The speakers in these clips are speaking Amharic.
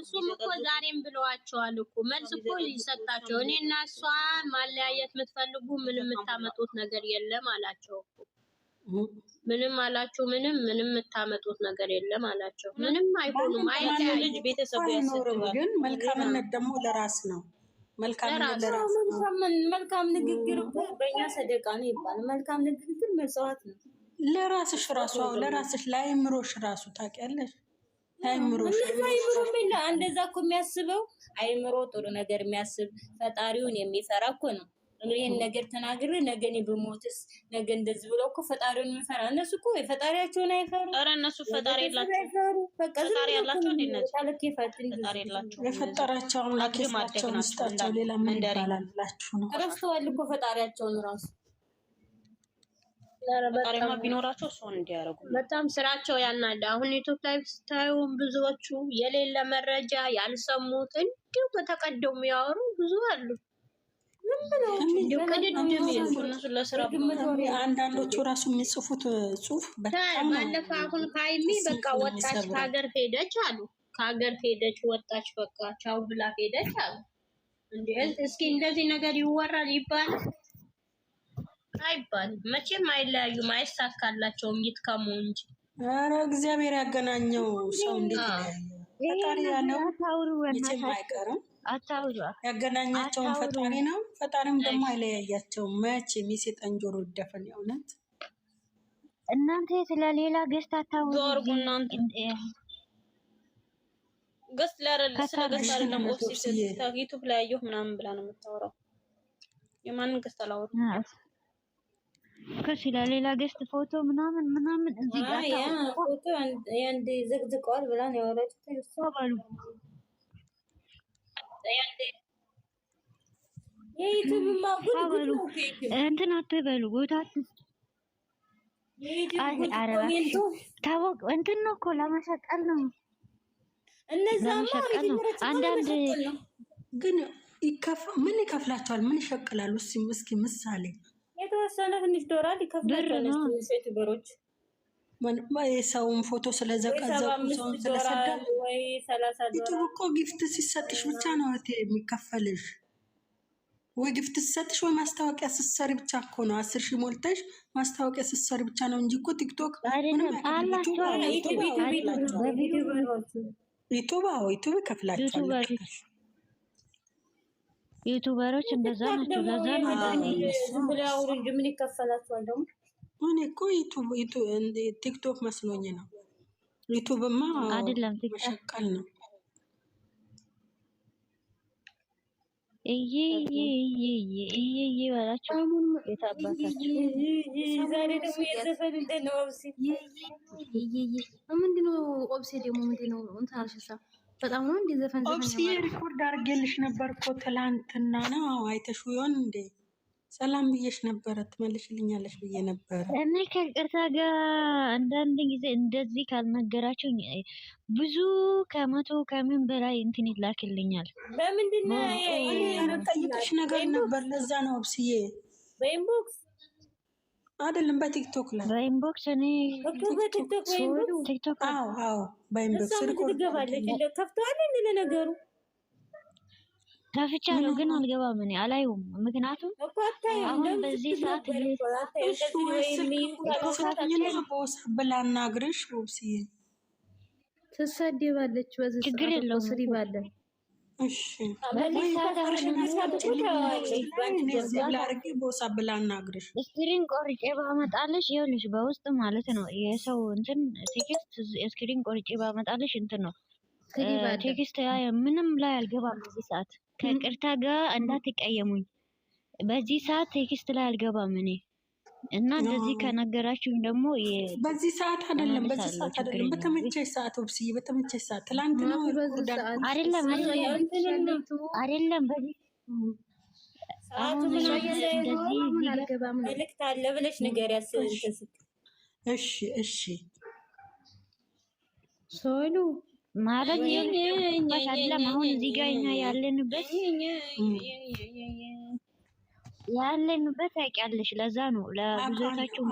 እሱም እኮ ዛሬም ብለዋቸዋል እኮ መልስ እኮ ይሰጣቸው። እኔ እና እሷ ማለያየት የምትፈልጉ ምንም የምታመጡት ነገር የለም አላቸው። ምንም አላቸው። ምንም ምንም የምታመጡት ነገር የለም አላቸው። ምንም አይሆኑም፣ አይለያዩ። ቤተሰቡ ግን መልካምነት ደግሞ ለራስ ነው። መልካም ንግግር እኮ በእኛ ሰደቃ ነው ይባላል። መልካም ንግግር መጽዋት ነው። ለራስሽ ራሱ ለራስሽ ለአይምሮሽ ራሱ ታውቂያለሽ አይምሮ እንደዛ እኮ የሚያስበው አይምሮ ጥሩ ነገር የሚያስብ ፈጣሪውን የሚፈራ እኮ ነው። ይህን ነገር ተናግሬ ነገ እኔ ብሞትስ ነገ እንደዚህ ብለው እኮ ፈጣሪውን የሚፈራ እነሱ እኮ ፈጣሪያቸውን አይፈሩ። ኧረ እነሱ ፈጣሪ የላቸው ፈጣሪ ያላቸው የፈጠራቸው አምላክ ስጣቸው ይስጣቸው። ሌላ ምን ይባላል ብላችሁ ነው? ረስተዋል እኮ ፈጣሪያቸውን ራሱ ቢኖራቸው ሰውን እንዲያደርጉ በጣም ስራቸው ያናደ። አሁን ዩቱብ ላይ ብዙዎቹ የሌለ መረጃ ያልሰሙት እንዲሁ በተቀደሙ ያወሩ ብዙ አሉ። አንዳንዶቹ ራሱ የሚጽፉት ጽሁፍ ባለፈ አሁን ከሀይሚ በቃ ወጣች ከሀገር ሄደች አሉ። ከሀገር ሄደች ወጣች፣ በቃ ቻው ብላ ሄደች አሉ። እስኪ እንደዚህ ነገር ይወራል ይባላል። አይባልም። መቼም አይለያዩም፣ አይሳካላቸውም። ይትከሙ እንጂ ኧረ እግዚአብሔር ያገናኘው ሰው እንዴት ፈጣሪ ያለው መቼም አይቀርም። ያገናኛቸውን ፈጣሪ ነው። ፈጣሪም ደግሞ አይለያያቸውም መቼም። የሴጣን ጆሮ ይደፈን። የእውነት እናንተ ስለሌላ ገስት አታውሩ። ገስት ስለ ገስት አይደለም። ዩቱብ ላይ አየሁ ምናምን ብላ ነው የምታወራው። የማንን ገስት አላወሩ ከስለሌላ ገስት ፎቶ ምናምን ምናምን እዚህ ጋር ፎቶ ያንድ ዘግዝቀዋል ብላን ያወራችሁት እሷ ባሉ እንትን አትበሉ ቦታ ታወቅ እንትን ነው እኮ ለመሸቀል ነው። ለመሸቀል አንዳንድ ግን ምን ይከፍላቸዋል? ምን ይሸቅላሉ? እስኪ ምሳሌ የተወሰነ ትንሽ ዶላር ይከፍላል። ዩቲዩበሮች የሰውን ፎቶ ስለዘቀዘቁ ሰውን ስለሰዳ ዩቱብ እኮ ጊፍት ሲሰጥሽ ብቻ ነው እህቴ የሚከፈልሽ። ወይ ግፍት ሲሰጥሽ ወይ ማስታወቂያ ስትሰሪ ብቻ እኮ ነው። አስር ሺህ ሞልተሽ ማስታወቂያ ስትሰሪ ብቻ ነው እንጂ እኮ ቲክቶክ ዩቱብ ዩቱብ ይከፍላቸዋል። ዩቱበሮች እንደዛ ናቸው። ለዛ ነው ምን ይከፈላቸዋል? ደግሞ እኔ እኮ ቲክቶክ መስሎኝ ነው። ዩቱብማ አይደለም መሸቀል ነው። እዬ በላቸው ኦብሴ? ደግሞ እንትን አልሽሳ በጣም ነው እንዴ ዘፈን ዘፈን ሪኮርድ አድርጌልሽ ነበር እኮ ትላንትና ነው አይተሽ ይሆን እንዴ? ሰላም ብዬሽ ነበረ ትመልሽልኛለሽ ብዬ ነበረ። እኔ ከቅርታ ጋር አንዳንድ ጊዜ እንደዚህ ካልነገራቸው ብዙ ከመቶ ከምን በላይ እንትን ይላክልኛል። በምንድን ነው ጠይቅሽ ነገር ነበር። ለዛ ነው ብስዬ በኢንቦክስ አይደለም በቲክቶክ ላይ በኢንቦክስ እኔ በኢንቦክስ ለነገሩ ከፍቻለሁ ግን አልገባም። እኔ አላየውም፣ ምክንያቱም አሁን በዚህ ሰዓት ብላናግርሽ ትሳደባለች። ችግር የለውም ላርጌ ቦሳ ብላ እናግርሽ እስክሪን ቆርጬ ባመጣልሽ ይኸውልሽ፣ በውስጥ ማለት ነው የሰው እንትን ቴክስት እስክሪን ቆርጬ ባመጣልሽ እንትን ነው ቴክስት ምንም ላይ አልገባም። በዚህ ሰዓት ከቅርታ ጋር እንዳትቀየሙኝ። በዚህ ሰዓት ቴክስት ላይ አልገባም እኔ እና እንደዚህ ከነገራችሁ ደግሞ በዚህ ሰዓት አይደለም፣ በዚህ ሰዓት አይደለም፣ በተመቸሽ ሰዓት ወብስዬ፣ በተመቸሽ ሰዓት ትላንት ነው አይደለም፣ አይደለም እሺ፣ እሺ ሶሉ ማለት አይደለም አሁን እዚህ ጋር ያለንበት ያለንበት ታውቂያለሽ። ለዛ ነው ለብዙዎቻችሁ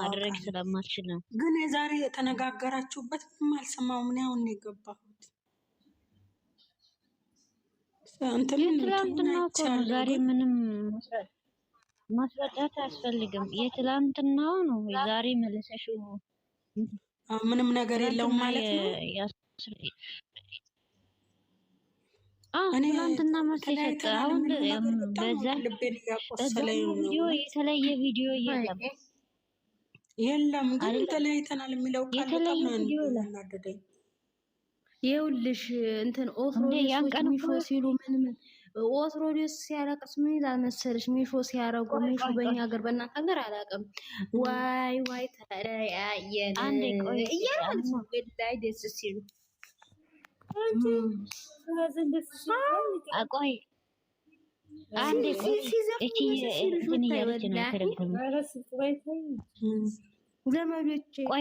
ማድረግ ስለማልችል ነው። ግን የዛሬ የተነጋገራችሁበት ምንም አልሰማሁም። እኔ አሁን ነው የገባሁት። የትላንትና እኮ ነው። ዛሬ ምንም ማስረዳት አያስፈልግም። የትላንትናው ነው። የዛሬ መለሰሽው ምንም ነገር የለውም ማለት ነው። ትናንትና መስሎኝ ሰጠ። አሁን በዛ ቪዲዮ የተለየ ቪዲዮ የለም የለም፣ ግን ተለያይተናል የሚለው ቃል ይኸውልሽ እንትን ኦትሮዴስ ሚፎ ሲሉ ምንም ኦትሮዴስ ሲያለቅስ ምን ይላል መሰለሽ? ሚፎ ሲያረጉ ሚፎ በእኛ ሀገር በእናንተ ሀገር አላውቅም። ዋይ ዋይ ተለያየን እያለ ላይ ደስ ሲሉ ቆይ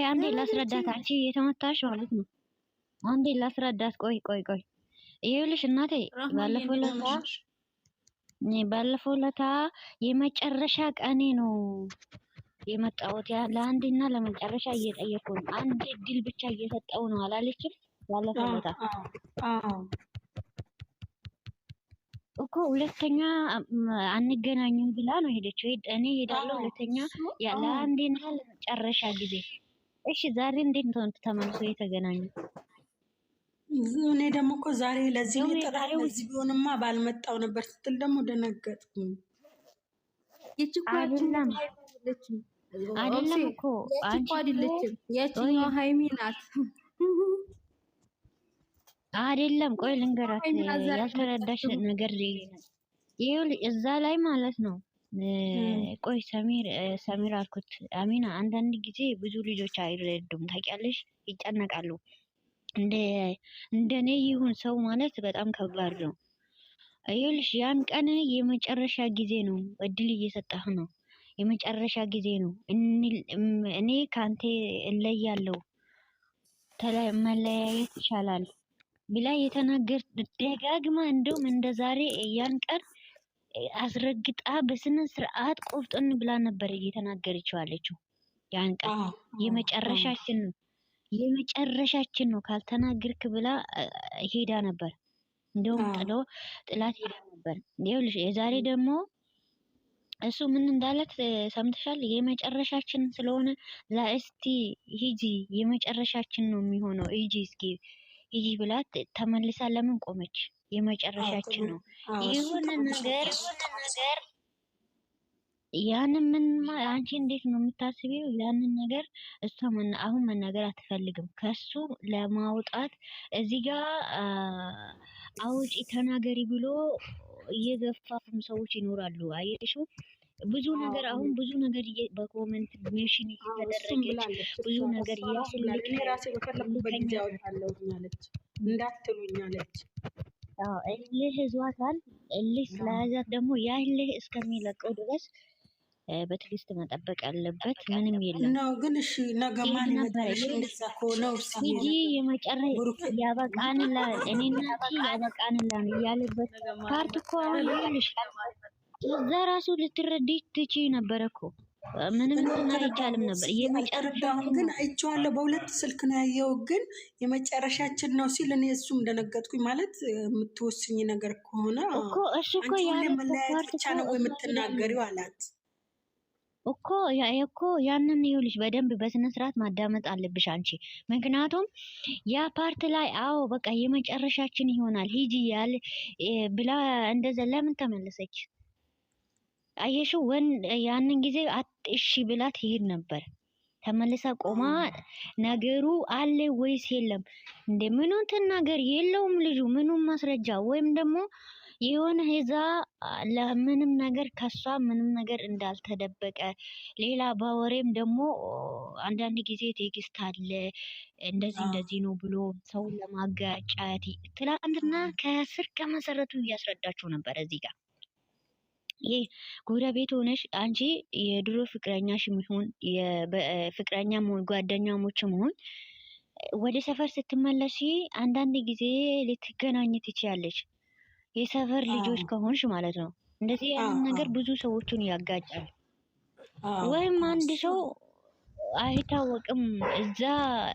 አንዴ ላስረዳት። አንቺ የተመታሽ ማለት ነው። አንዴ ላስረዳት። ቆይ ቆይ ቆይ ይኸውልሽ እናቴ ባለፈው ለታ ባለፈው ለታ የመጨረሻ ቀኔ ነው የመጣሁት ለአንዴና ለመጨረሻ እየጠየኩ ነው። አንድ እድል ብቻ እየሰጠው ነው አላለችም? ባለፈው ቦታ እኮ ሁለተኛ አንገናኝም ብላ ነው ሄደችው። እኔ ሄዳለሁ ሁለተኛ ለአንዴና ለመጨረሻ ጊዜ። እሺ ዛሬ እንዴት ነው ተመልሶ የተገናኙ? እኔ ደግሞ እኮ ዛሬ ለዚህ ጥራሪ እዚህ ቢሆንማ ባልመጣው ነበር ስትል ደግሞ ደነገጥኩኝ። አይደለም እኮ አንቺ አይደለችም፣ ያቺኛዋ ሀይሚ ናት። አይደለም ቆይ ልንገራት፣ ያልተረዳሽ ነገር ይሁን እዛ ላይ ማለት ነው። ቆይ ሰሚር ሰሚር አልኩት አሚና፣ አንዳንድ ጊዜ ብዙ ልጆች አይረዱም ታውቂያለሽ፣ ይጨነቃሉ። እንደ እንደኔ ይሁን ሰው ማለት በጣም ከባድ ነው። ይኸውልሽ ያን ቀን የመጨረሻ ጊዜ ነው፣ እድል እየሰጠህ ነው። የመጨረሻ ጊዜ ነው። እኔ ካንቴ እለያለሁ። መለያየት ይቻላል ብላ የተናገር ደጋግማ እንደውም እንደ ዛሬ ያን ቀን አስረግጣ በስነ ስርዓት ቆፍጥን ብላ ነበር እየተናገረችው አለችው። ያን ቀን የመጨረሻችን ነው የመጨረሻችን ነው ካልተናገርክ ብላ ሄዳ ነበር። እንደውም ጥሎ ጥላት ሄዳ ነበር። ይኸውልሽ የዛሬ ደግሞ እሱ ምን እንዳለት ሰምተሻል? የመጨረሻችን ስለሆነ ላስቲ ሂጂ፣ የመጨረሻችን ነው የሚሆነው ሂጂ እስኪ ይህ ብላት ተመልሳ ለምን ቆመች? የመጨረሻችን ነው ይሁን ነገር ያንን ምን አንቺ እንዴት ነው የምታስቢው? ያንን ነገር እሷ አሁን መናገር አትፈልግም። ከሱ ለማውጣት እዚህ ጋር አውጪ ተናገሪ ብሎ እየገፋፉም ሰዎች ይኖራሉ። አየሽው? ብዙ ነገር አሁን ብዙ ነገር በኮመንት ሜሽን እየተደረገች ብዙ ነገር እያስሉልኝ ራሴ በፈለኩበት ጊዜ አወጣለሁ አለች፣ እንዳትሉኝ አለች። እልህ ይዟታል። እልህ ስለያዛት ደግሞ ያ እልህ እስከሚለቀው ድረስ በትዕግስት መጠበቅ ያለበት ምንም የለም ነው። ግን እሺ ነገ ማን ይመጣልሽ? እንደዛ ከሆነ ሲጂ የመጨረሻ ያበቃንላ እኔና ያበቃንላ ያለበት ፓርት እኮ አሁን ይልሻል እዛ ራሱ ልትረዳች ትችይ ነበረ እኮ ምንም እንትን አይቻልም ነበር። የመጨረሻውን ግን አይቼዋለሁ። በሁለት ስልክ ነው ያየው። ግን የመጨረሻችን ነው ሲል እኔ እሱም እንደነገጥኩኝ ማለት የምትወስኝ ነገር ከሆነ እኮ እሱ እኮ መለያየት ብቻ ነው የምትናገሪው አላት እኮ እኮ ያንን ይኸውልሽ፣ በደንብ በስነ ስርዓት ማዳመጥ አለብሽ አንቺ። ምክንያቱም ያ ፓርት ላይ አዎ በቃ የመጨረሻችን ይሆናል ሂጂ ያል ብላ እንደዛ ለምን ተመለሰች? አየሽው ወን ያንን ጊዜ እሺ ብላ ትሄድ ነበር። ተመልሳ ቆማ ነገሩ አለ ወይስ የለም እንደ ምኑን ትናገር የለውም ልጁ ምኑን ማስረጃ ወይም ደግሞ የሆነ ሄዛ ለምንም ነገር ከሷ ምንም ነገር እንዳልተደበቀ ሌላ በወሬም ደግሞ አንዳንድ ጊዜ ቴክስት አለ እንደዚህ እንደዚህ ነው ብሎ ሰው ለማጋጫት ትላንትና ከስር ከመሰረቱ እያስረዳቸው ነበር እዚህ ጋር ጎረቤት ሆነሽ አንቺ የድሮ ፍቅረኛሽ የሚሆን ፍቅረኛ መሆን ጓደኛሞች መሆን ወደ ሰፈር ስትመለሺ አንዳንድ ጊዜ ልትገናኝ ትችያለች። የሰፈር ልጆች ከሆንሽ ማለት ነው። እንደዚህ ያለን ነገር ብዙ ሰዎቹን ያጋጫል። ወይም አንድ ሰው አይታወቅም እዛ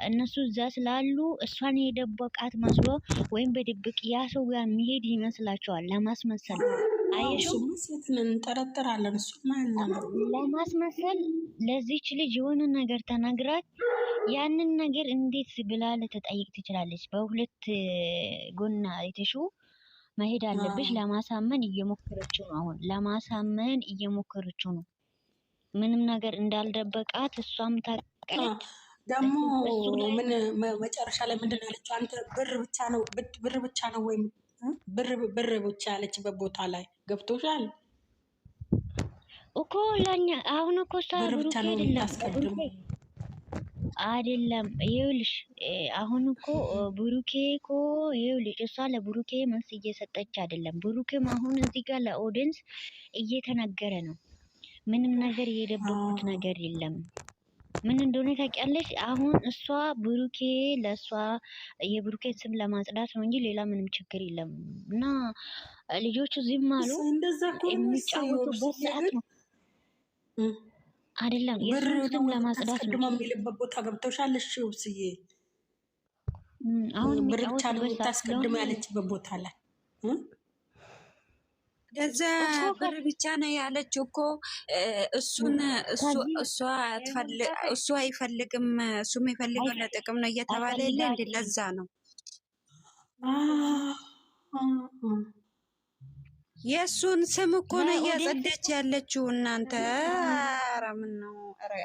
እነሱ እዛ ስላሉ እሷን የደበቃት መስሎ ወይም በድብቅ ያ ሰው ጋር መሄድ ይመስላቸዋል ለማስመሰል ነው። እንጠረጠራለን። ለማስመሰል ለዚች ልጅ የሆነ ነገር ተናግራት ያንን ነገር እንዴት ብላ ልትጠይቅ ትችላለች? በሁለት ጎና የተሹ መሄድ አለብሽ። ለማሳመን እየሞከረችው ነው። አሁን ለማሳመን እየሞከረችው ነው። ምንም ነገር እንዳልደበቃት እሷም ታቀለች። ደግሞ ምን መጨረሻ ላይ ምንድን ያለችው? አንተ ብር ብቻ ነው ብር ብቻ ነው ወይም ብር ብር ብቻ ያለችበት ቦታ ላይ ገብቶሻል እኮ ለኛ አሁን እኮ እሷ ብር ብቻ ነው የምታስቀድሙ አይደለም። ይኸውልሽ አሁን እኮ ብሩኬ እኮ ይኸውልሽ እሷ ለብሩኬ መልስ እየሰጠች አይደለም። ብሩኬም አሁን እዚህ ጋር ለኦዲንስ እየተነገረ ነው። ምንም ነገር የደበቁት ነገር የለም። ምን እንደሆነ ታውቂያለሽ? አሁን እሷ ብሩኬ ለእሷ የብሩኬን ስም ለማጽዳት ነው እንጂ ሌላ ምንም ችግር የለም። እና ልጆቹ ዝም አሉ። የሚጫወቱበት ሰዓት ነው አይደለም፣ የስም ለማጽዳት ነው። የሚልበት ቦታ ገብተውሻል? ውብስዬ፣ አሁን ብርቻ ነው ያለችበት ቦታ ላይ ገዛ ብር ብቻ ነው ያለችው እኮ እሱን እሱ አይፈልግም፣ እሱ የሚፈልገው ለጥቅም ነው እየተባለ የለ እንዲ ለዛ ነው የእሱን ስም እኮ ነው እያጸደች ያለችው። እናንተ ኧረ ነው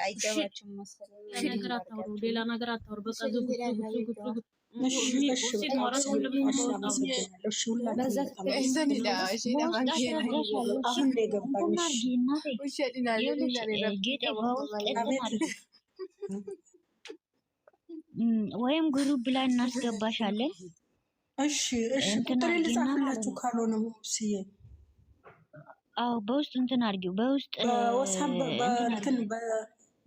አይገባችሁም መሰለኝ። ሌላ ነገር አታወሩ፣ በቃ ዝጉት ዝጉት ዝጉት ወይም ግሩፕ ላይ እናስገባሻለን። እሺ፣ እሺ። ልጻፍላችሁ ካልሆነ አዎ፣ በውስጥ እንትን አድርጊው።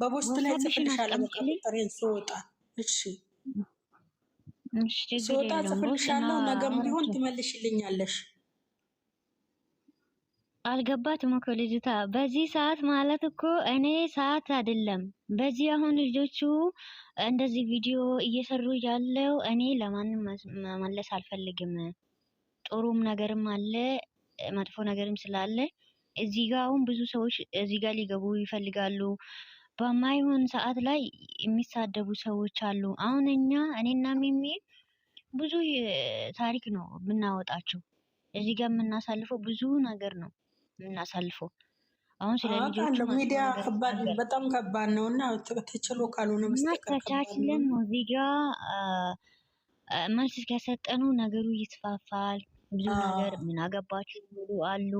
በውስጥ ላይ ጽፍልሻለሁ ቁጥሬን ስወጣ። እሺ ስወጣ ጽፍልሻለሁ። ነገም ቢሆን ትመልሽልኛለሽ። አልገባትም እኮ ልጅቷ። በዚህ ሰዓት ማለት እኮ እኔ ሰዓት አይደለም። በዚህ አሁን ልጆቹ እንደዚህ ቪዲዮ እየሰሩ ያለው እኔ ለማንም መመለስ አልፈልግም። ጥሩም ነገርም አለ መጥፎ ነገርም ስላለ እዚህ ጋር አሁን ብዙ ሰዎች እዚህ ጋር ሊገቡ ይፈልጋሉ። በማይሆን ሰዓት ላይ የሚሳደቡ ሰዎች አሉ። አሁን እኛ እኔና ሚሚ ብዙ ታሪክ ነው የምናወጣቸው። እዚህ ጋር የምናሳልፈው ብዙ ነገር ነው የምናሳልፈው። አሁን ስለ ልጆቹ ሚዲያ በጣም ከባድ ነው እና ተችሎ ካልሆነ ተቻችለን ነው እዚህ ጋር መልስ ከሰጠነው ነገሩ ይስፋፋል። ብዙ ነገር ምን አገባችሁ የሚሉ አሉ።